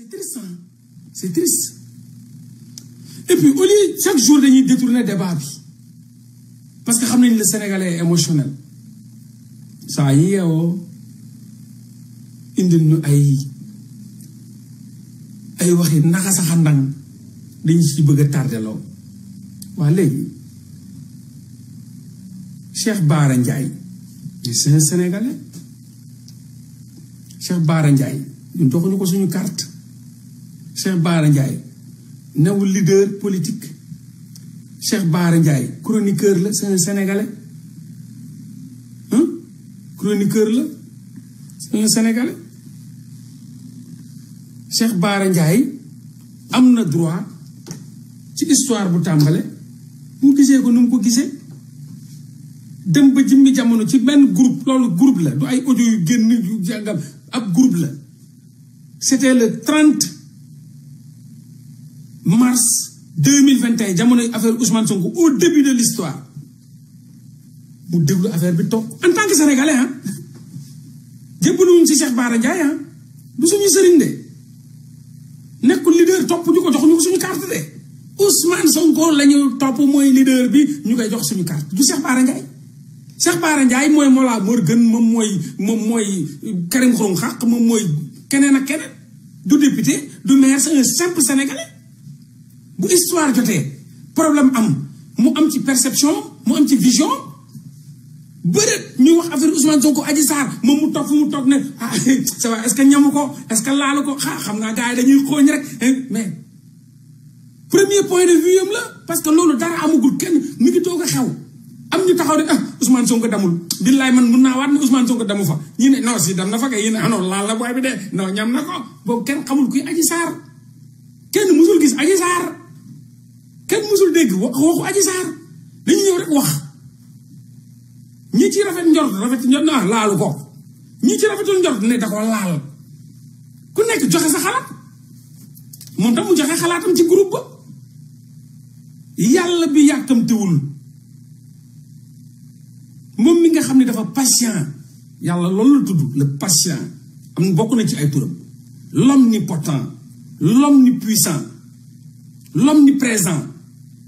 C'est triste, hein? C'est triste. Et puis, au lieu, chaque jour, de détourner des débat. Parce que le Sénégalais est émotionnel. Ça y est, oh. indil ñu ay ay waxi naka sax ndang dañu ci bëgg a tardeloo waa léegi Cheikh Bara Ndiaye c'est un Sénégalais Cheikh Bara Ndiaye ñu doxuñu ko suñu carte Cheikh Bara Ndiaye newul leader politique Cheikh Bara Ndiaye chroniqueur la c'est un sénégalais hein chroniqueur la c'est un sénégalais Cheikh Bara Ndiaye amna droit ci histoire bu tambalé mu gisee ko num ko gisee dem ba jimmi jamono ci ben groupe lolou groupe la du ay audio yu genn yu jangam ab groupe la c'était le 30 mars 2021 jamono affaire Ousmane Sonko au début de l'histoire bu déglu affaire bi toog en tant que sénégalais hein jébbalu wuñ ci Cheikh Bara Ndiaye hein du suñu serigne de nekul leader top ñu ko jox ñu suñu carte de Ousmane Sonko lañu top moy leader bi ñu koy jox suñu carte du Cheikh Bara Ndiaye Cheikh Bara Ndiaye mola mor gën mom moy mom moy Karim Xrum Xax moom mooy keneen ak keneen du député du maire c'est un simple sénégalais. bu histoire jotee problème am mu am ci perception mu am ci vision bëri ñu wax affaire Ousmane Sonko aji Sarr moom mu toog fu mu toog ne ah ça va est-ce que ñamu ko que laalu ko ah xam nga gars yi dañuy xooñ rek mais premier point de vue yam la parce que loolu dara amagul kenn mi ngi toog a xew am ñu taxaw rek ah Ousmane Sonko damul billaay man mun naa waat ne Ousmane Sonko damu fa ñi ne non si dam na fa kay ñi ne anoon ah, laal la booy bi de non ñam na ko boobu kenn xamul kuy Adji saar kenn musul gis Adji Sarr kenn mosul dégg waxu Adji Sarr li ñu ñëw rek wax ñi ci rafet njort rafet njort na laalu ko ñi ci rafetul njort ne da ko laal ku nekk joxe sa xalaat moom tam joxe xalaatam ci groupe ba yàlla bi yàkkamtiwul moom mi nga xam ne dafa patient yàlla loolu la tudd le patient am na bokk na ci ay turam l'omnipotent l'omnipuissant l'omniprésent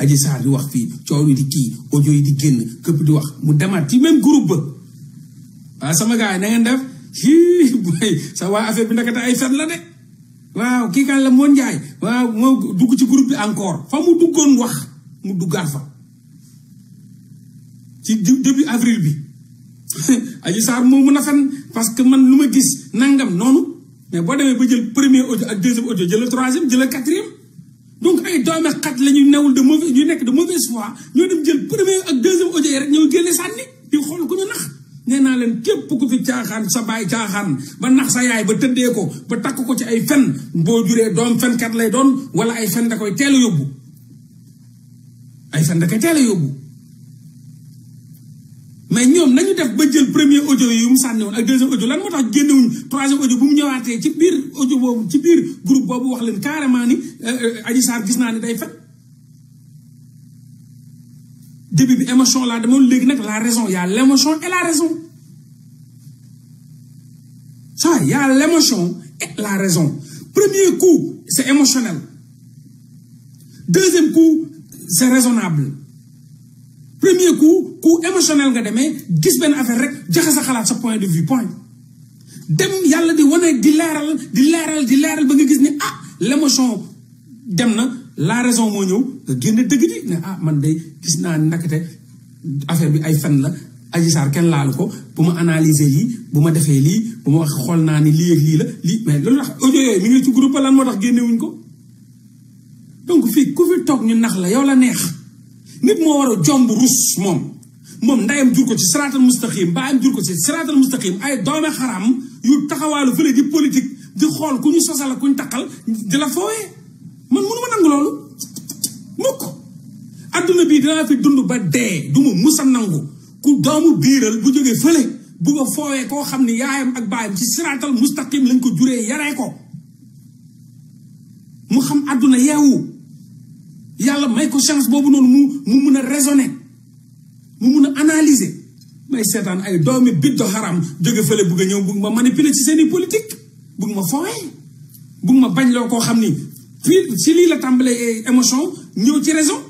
aji ah, sar di wax fi cioru di ki audio yi di genn kep di wax mu demat ci même groupe ba sama gaay na ngeen def hi boy sa wa affaire bi nakata ay fat la de waaw ki kan la mon jaay waaw mo dugg ci groupe bi encore fa mu duggon wax mu duggal fa ci début avril bi aji sar mo mu nafan parce que man luma gis nangam nonu mais bo demé ba jël premier audio ak deuxième audio jël troisième jël quatrième donc ay doomi xat la ñu newul de mauvaise ñu nekk de mauvaise foi ñoo dem jël premier ak deuxième audio yi rek ñoo génne sànni di xool ku ñu nax nee naa leen képp ku fi caaxaan sa baay caaxaan ba nax sa yaay ba tëddee ko ba ko ci ay fen boo juree doom fenkat lay doon wala ay fen da koy teel a yóbbu ay fen da koy teel yóbbu mais nous, nañu def ba jël premier audio yu mu ak deuxième audio lan motax tax troisième audio bu mu ci biir audio bobu ci groupe bobu wax leen carrément ni euh, Adji Sarr gis naa day fat début bi émotion la demoon léegi nag la raison y a l'émotion et la raison ça y a l'émotion et la raison premier coup c'est émotionnel deuxième coup c'est raisonnable premier coup ku émotionnel nga demee gis benn affaire rek jaxa sa xalaat sa point de vue point dem yàlla di wane di laaral di laaral di leeral ba nga gis ne ah l'émotion dem na la raison moo ñëw nga génn dëgg di ne ah man de gis naa nakate affaire bi ay fan la Adji Sarr kenn laalu ko bu ma analyser lii bu ma defee lii bu ma wax xool naa ni lii ak lii la lii mais loolu tax audio yooyu mi ngi ci groupe moo tax génnewuñ ko donc fii ku fi toog ñu nax la yow la neex nit mo wara jomb rus mom mom ndayam jur ko ci sirat al mustaqim baayam jur ko ci sirat al mustaqim ay doome kharam yu taxawaalu fële di politique di xol kuñu sosal kuñu takal di la fowé man mënu ma nangu loolu mukk adduna bii dinaa fi dundu ba dé du ma musa nangu ku doomu biral bu joge fële bu ko fowé ko xamni yaayam ak baayam ci sirat al mustaqim lañ ko juré yaré ko mu xam aduna yewu Yalla may ko chance bobu non mu mu meuna raisonner mu meuna analyser may setan ay doomi biddo haram jóge fele bëgg ñew bu ma manipuler ci seen politique bu ma fooyee bu ma bañ lo ko xamni ci li la tàmbalee émotion ñew ci raison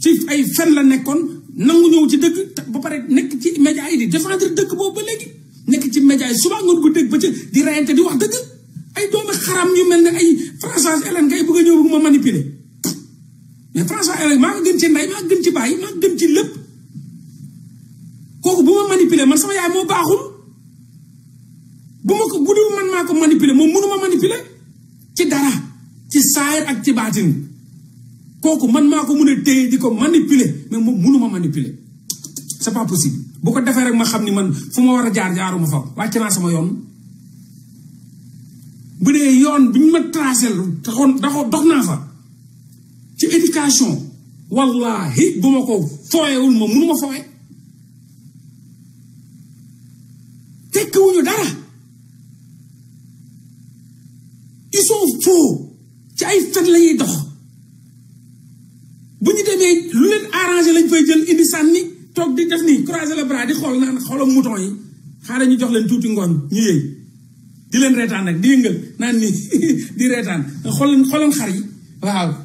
ci ay fen la nekkon nangu ñew ci dëgg ba paré nekk ci média yi di défendre dëkk bobu ba légui nekk ci média yi suba ngoon ko dégg ba ci di rayante di wax dëgg ay doomi haram yu melni ay Françoise Hélène ngay bëgg ñew bu ma manipuler mais François Hélène maa gën ci ndey maa gën ci il y gën ci lépp kooku bu ma manipuler man sama yaay moo baaxul bu ma ko budul man maa ko manipuler moom mënuma manipuler ci dara ci saayir ak ci baatin kooku man maa il y a manipuler mais moom mënuma manipuler c'est pas possible bu ko defee rek ma xam ni man fu il y a jaar jaaruma fa wàcc naa sama yoon bu dee yoon bi ñu ma tracé dox naa fa ci éducation wallahi bu ma ko fooyewul ma mënu ma fooye tekkiwuñu dara ils sont faux ci ay fen la ñuy dox bu ñu demee lu leen arrangé lañ fay jël indi sànni toog di def nii croiser le bras di xool naan xoolam mouton yi xaaral ñu jox leen tuuti ngooñ ñu yëy di leen reetaan nag di yëngal naan nii di reetaan xool xooloon xar yi waaw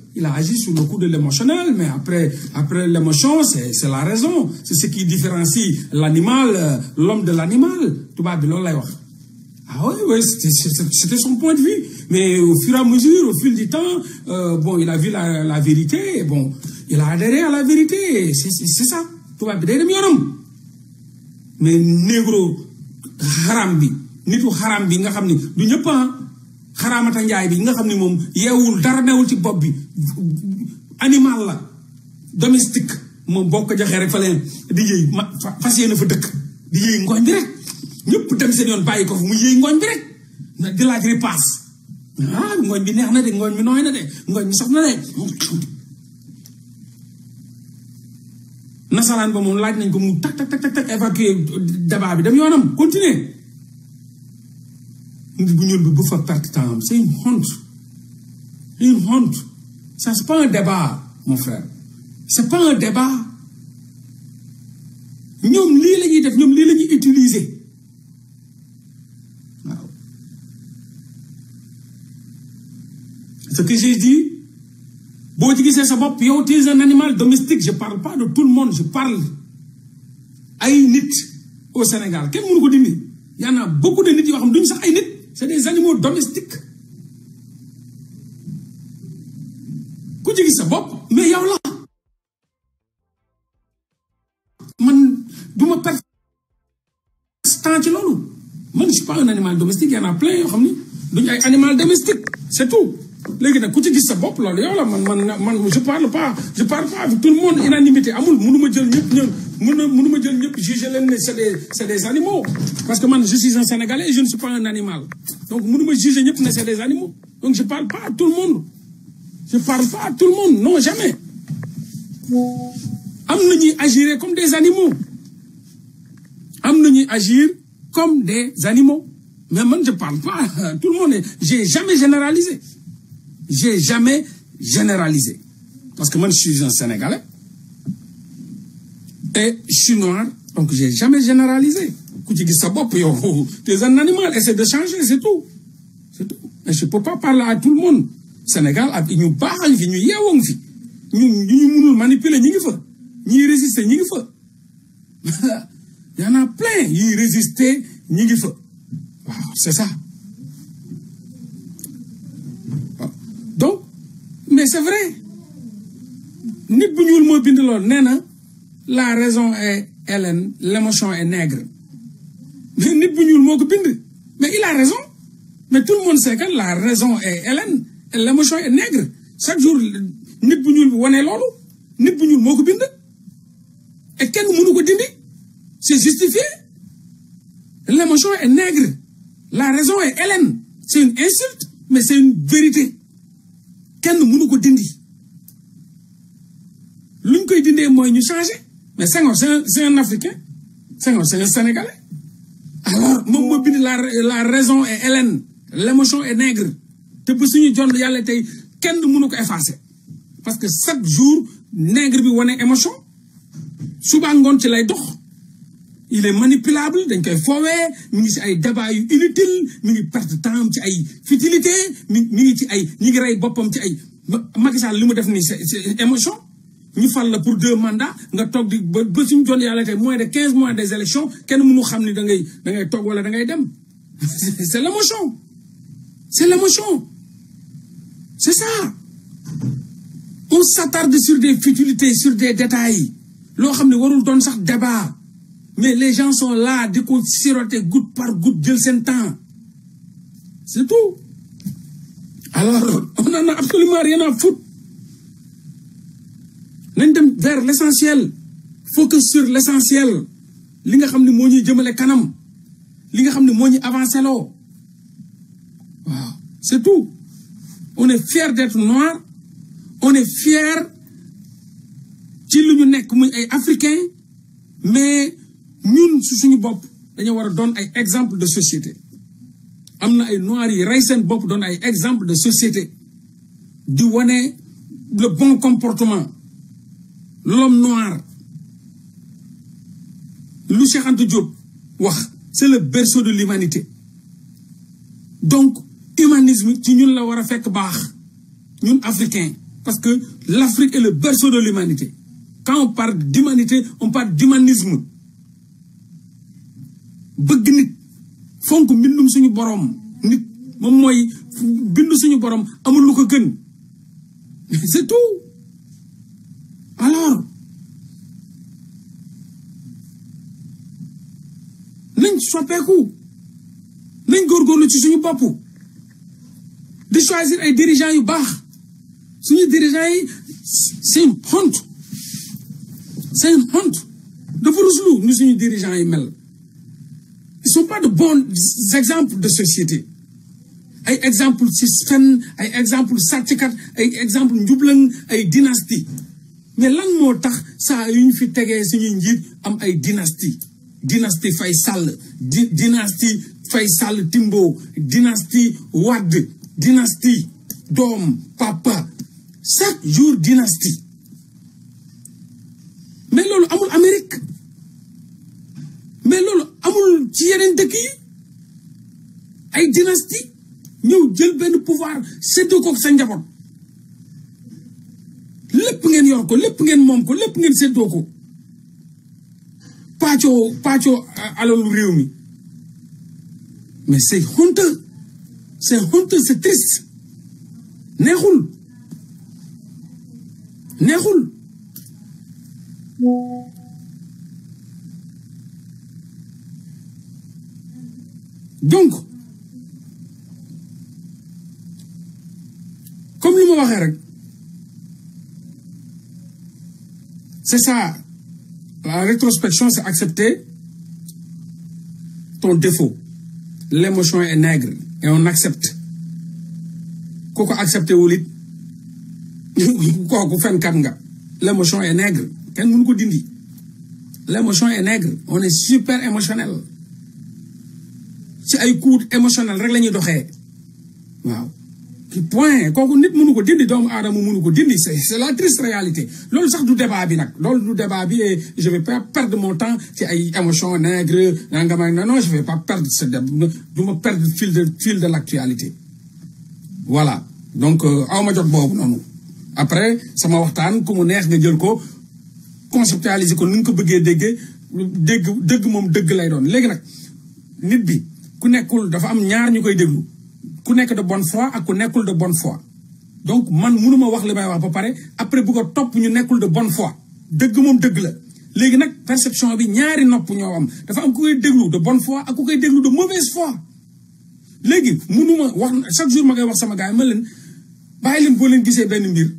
Il a agi sur le coup de l'émotionnel, mais après, après l'émotion, c'est la raison. C'est ce qui différencie l'animal, euh, l'homme de l'animal. Ah oui, oui, c'était son point de vue. Mais au fur et à mesure, au fil du temps, euh, bon, il a vu la, la, vérité, bon, il a adhéré à la vérité. C'est ça. Tu Mais négro, harambi, tout harambi, nga xamni, du ñepp hein. kharamata njaay bi nga xamni mom yewul dara newul ci bop bi animal la domestique moom bokk joxe rek falen leen di yëy fas fa dekk di yëy ngooñ bi rek ñepp dem seen yoon bayiko fu mu yey ngoñ bi rek na di laaj repasse ah ngoñ bi neex na de ngoñ bi noy na de ngoñ bi sax na de nasalan ba mom laaj nañ ko mu tak tak tak tak évacuer débat bi dem yonam continuer c'est une honte une honte ça c'est pas un débat mon frère c'est pas un débat Nous, sommes tous les def qui ce que j'ai dit si ci gisee sa un animal domestique je ne parle pas de tout le monde je parle ay au Sénégal Quel mënu ko Il y en a beaucoup de nids qui ont dit ça c'est des animaux domestiques Quand ci dis, sa mais il y man a. ma perte temps ci je suis pas un animal domestique Il y en a plein Donc il y a ay animal domestique c'est tout léegi nag sa bop, la man man je parle pas je parle pas avec tout le monde unanimité amul ma jël ma jël c'est des c'est des animaux parce que man je suis un sénégalais et je ne suis pas un animal donc mënu ma ne c'est des animaux donc je parle pas à tout le monde je parle pas à tout le monde non jamais am agir comme des animaux am agir comme des animaux mais moi je parle pas tout le monde j'ai jamais généralisé j'ai jamais généralisé. Parce que moi, je suis un Sénégalais. Et je suis noir, donc je n'ai jamais généralisé. Tu es un animal, essaie de changer, c'est tout. C'est tout. je ne peux pas parler à tout le monde. Sénégal, nous n'y a pas nous nous il nous a pas nous vie. Il y en a plein, ils pas nous vie. C'est ça. mais c'est vrai la raison est Hélène, l'émotion est nègre mais mais il a raison mais tout le monde sait que la raison est Hélène et l'émotion est nègre chaque jour nit bu ñuul bi et quel mënu ko dindi c'est justifié l'émotion est nègre la raison est Hélène, c'est une insulte mais c'est une vérité kenn mënu ko dindi luñ koy dindé moy ñu changer mais Senghor c'est un africain Senghor c'est un sénégalais alors mom mo bind la la raison est hélène l'émotion est nègre te bu suñu jonn yalla tay kenn mënu ko effacer parce que chaque jour nègre bi wane émotion suba ngoon ci lay dox il est manipulable donc il foowee mi ngi ci ay débat inutile mi ngi de temps ci ay futilité mi est ngi ci ay ñi ngi rey boppam ci ay Macky Sall li def c'est émotion ñu fal la pour deux mandats nga toog di ba ba suñu doon moins de quinze mois des élections kenn mënu xam ni da ngay da ngay toog wala da ngay dem c'est l'émotion c'est l'émotion c'est ça on s'attarde sur des futilités sur des détails loo xam ne warul doon sax débat mais les gens sont là du siroter goutte par goutte d'un seen temps c'est tout alors on n'en a absolument rien à foutre On est vers l'essentiel focus sur l'essentiel li ne c'est tout on est fier d'être noir on est fiers ci africain mais nous, sommes suñu exemple de société Nous avons ay noirs yi exemple de société di le bon comportement l'homme noir lu c'est le berceau de l'humanité donc humanisme tu ñun fait fait que nous, Africains, parce que l'Afrique est le berceau de l'humanité quand on parle d'humanité on parle d'humanisme bëgg nit fonk mbindum suñu borom nit moom mooy bindu suñu borom amul lu ko gën c'est tout alors nañ soppeeku nañ góorgóorlu ci suñu boppu di choisir ay dirigeants yu baax suñu dirigeants yi seen honte seen honte dafa ruslu ñu suñu dirigeants yi mel ils sont pas de bons exemples de société exemple ci exemple Satikat, exemple njublan ay dynastie mais là moo ça ça a ñu fi tegee am dynastie dynastie faisal, dynastie faisal Timbo dynastie wad, dynastie Dom, papa chaque jour dynastie yenente kii ay dynastie ñëw jël benn pouvoir séddoo ko sa njaboot lépp ngeen yor ko lépp ngeen moom ko lépp ngeen séddoo ko pàccoo pàccoo alalu réew mi mais c'est honteux c'est honteux c'est triste neexul neexul donc comme le mot c'est ça la rétrospection c'est accepter ton défaut l'émotion est nègre et on accepte pourquoi accepter wul Pourquoi faire un l'émotion est nègre l'émotion est nègre on est super émotionnel ci ay coups émotionnel rek lañuy doxé waaw waaw point koku nit mënu ko dindi doomu adam mënu ko dindi c'est c'est la triste réalité loolu sax du débat bi nak loolu du débat bi et je vais pas perdre mon temps ci ay émotion nègre nangam ak non je vais pas perdre ce débat du perdre fil de fil de l'actualité voilà donc euh, aw ma jot boobu noonu après sama waxtan ku mu neex nga jël ko conceptualiser ko ni nga ko bëggee déggee dégg dëgg moom dëgg lay doon léegi nag nit bi ku nekkul dafa am ñaar ñu koy déglu ku nekk de bonne foi ak ku nekkul de bonne foi donc man mënuma wax li may wax ba pare après bu ko topp ñu nekkul de bonne foi dëgg moom dëgg la léegi nag perception bi ñaari nopp ñoo am dafa am ku koy déglu de bonne foi ak ku koy déglu de mauvaise foi léegi mënuma wax chaque jour ma koy wax sama gars yi ma leen bàyyi leen boo leen gisee benn mbir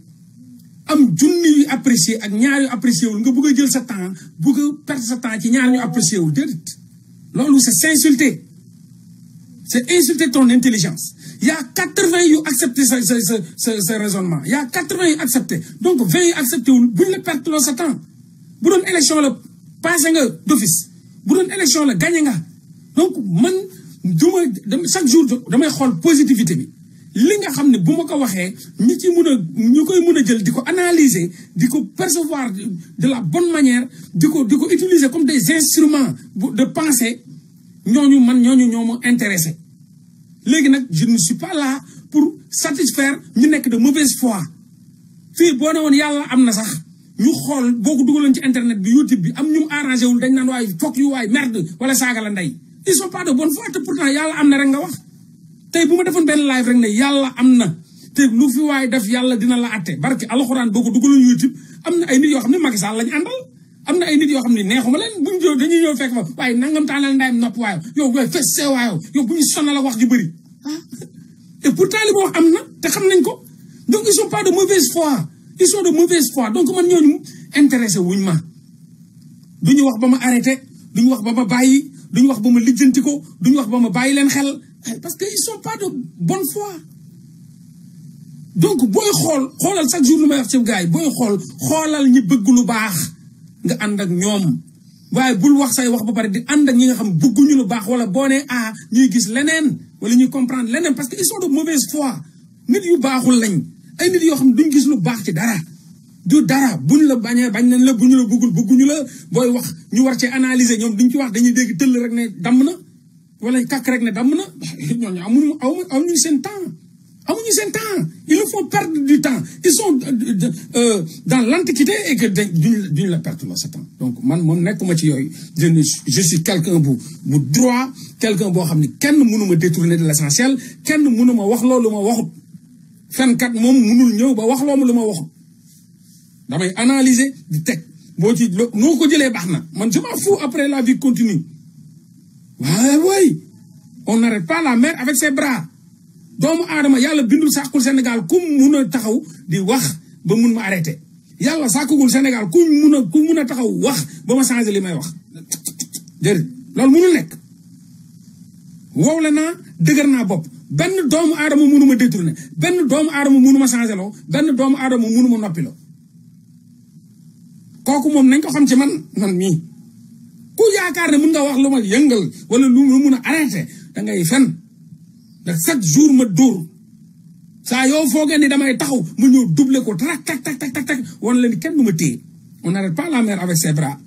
am junni yu apprécié ak ñaar yu apprécié wul nga bëgg a jël sa temps bëgg a perdre sa temps ci ñaar ñu apprécié wul déedéet loolu c'est s'insulter c'est insulter ton intelligence. Il y a 80 qui ont accepté ce, raisonnement. Il y a 80 qui accepté. Donc 20 accepter accepté. Vous ne perdez pas ce temps. Vous donnez l'élection, le passez d'office. Vous donnez élection vous gagnez. Donc, chaque jour, je me la positivité. Ce nga ne bu ma ci analyser percevoir de la bonne manière utiliser comme des instruments de pensée Nous man intéressés. intéressé léegi nag je ne suis pas là pour satisfaire ñu nekk de mauvaise foi fii boo ne woon yàlla am na sax ñu xool boo ko dugaloon ci internet bi youtube bi am ñu mu arrangé wul dañ naan waay fokk yu waay merde wala saaga la ils sont pas de bonne foi te pourtant yàlla am na rek nga wax tey bu ma defoon benn live rek ne yàlla am na te lu fi waay def yàlla dina la atte barke alxuraan boo ko dugaloon youtube am na ay nit yoo xam ne Macky Sall lañ àndal amna ay nit yo xamni neexuma len buñu ñëw dañuy ñëw fekk ma way nangam tanal ndayam nopp way yow way fes way waayo yow bu ñu sonal wax ju bëri ah. et pourtant li wax amna te xam nañ ko donc ils sont pas de mauvaise foi ils sont de mauvaise foi donc man ñooñu intéressé wuñ ma duñu wax bama arrêté duñu wax bama bayyi duñu wax bama ma ko wax bama ma len xel eh, parce que ils sont pas de bonne foi donc boy xol xolal chaque jour lu may wax ci gars yi booy xool ñi bëgg lu baax. nga ànd ak ñoom waaye bul wax say wax ba pare di ànd ak ñi nga xam bëgguñu lu baax wala boo nee ah ñuy gis leneen wala ñuy comprendre leneen parce que ils sont de mauvaise foi nit yu baaxul lañ ay nit yoo xam duñ gis lu baax ci dara. du dara buñ la bañee bañ nañ la buñu la bëggul bëgguñu la booy wax ñu war ci analyser ñoom duñ ci wax dañuy dégg tëll rek ne damm na wala kàkk rek ne damm na ñooñu amuñu ñu seen temps. amuñu ah, seen temps il nous faut perdre du temps ils sont euh, euh dans l'antiquité et que d'une duñu la perdre la sa temps donc man moom nekkuma ci yooyu je suis quelqu'un bu bu droit quelqu'un boo xam ne kenn mënu ma détourner de l'essentiel kenn mënu ma wax loolu ma waxut fenkat moom mënul ñëw ba wax loolu lu ma waxut damay analyser di teg boo ci noo ko jëlee baax na man je m'en fous après la vie continue Ah waay on n'arrête pas la mer avec ses bras doomu aadama yàlla bindul sàkkul Sénégal ku mun a taxaw di wax ba mun ma arrêté yàlla sàkkugul Sénégal ku mun a ku mun a taxaw wax ba ma changé li may wax déedéet loolu munul nekk wow la naa dëgër naa bopp benn doomu aadama munu ma détourné benn doomu aadama munu ma changé loo benn doomu aadama munu ma noppi loo kooku moom nañ ko xam ci man man mii ku yaakaar ne mun nga wax lu ma yëngal wala lu mu mun a arrêté da ngay fenn Donc, sept jours me durent. Ça y est, ni taxaw ko tac tac tac tac on n'arrête pas la mer avec ses bras.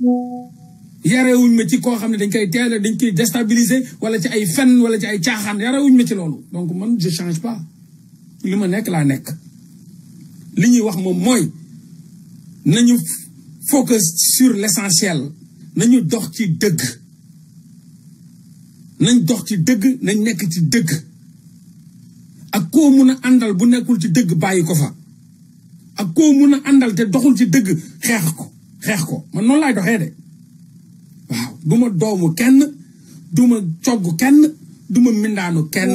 ma ci dañ koy dañ déstabiliser wala ci ay wala ci ay donc man je change pas li ma la li ñi wax mom moy nañu focus sur l'essentiel nañu dox ci nañ dox ci dëgg nañ nekk ci dëgg ak koo mun a àndal bu nekkul ci dëgg bàyyi ko fa ak koo mun a àndal te doxul ci dëgg xeex ko xeex ko man noonu laay doxee de waaw du ma doomu kenn du ma cogg kenn du ma mindaanu kenn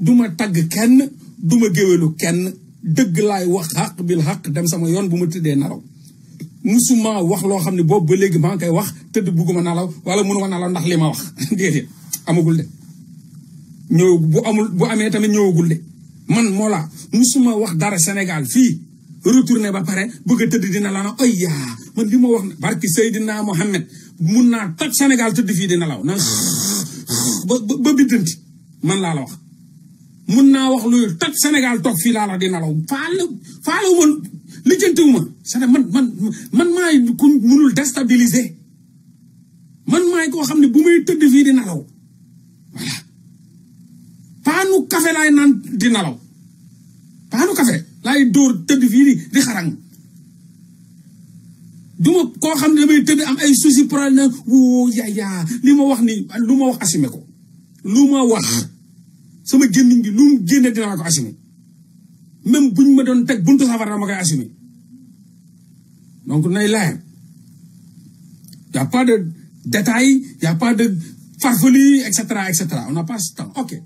duma tagg kenn duma ma géwélu kenn dëgg laay wax xaq bil xaq dem sama yoon bu ma tëddee nalaw musuma wax loo xam ne boobu ba léegi maa ngi koy wax tëdd bugguma nalaw wala mënuma nalaw ndax li ma wax déedéet amagul de ñëw bu amul bu amee tamit ñëwagul de man moo la musuma wax dara Sénégal fii retourné ba pare bëgg tëdd dina la na ayya man li ma wax na barki Seydina Mohamed mun naa toj Sénégal tëdd fii dina law nan ba laa la wax mun naa wax luy toj toog fii laa dina law faala faala woon lijjantiwu ma c'est man man man maay ku munul déstabiliser man maay koo xam ne bu may tëdd fii dina law panu kafe café nan di nalaw paanu café laay dóor tëdd fii di xarang du ko koo xam ne am ay souci problème wo ya ya lima wax ni luma ma wax assumé ko luma ma wax sama gémmiñ gi lu mu génne dinaa ko assumé même buñ ma don tek buntu safara dama koy assumé donc nay a de a de farfelu, etc., etc. On n'a pas ce temps. OK.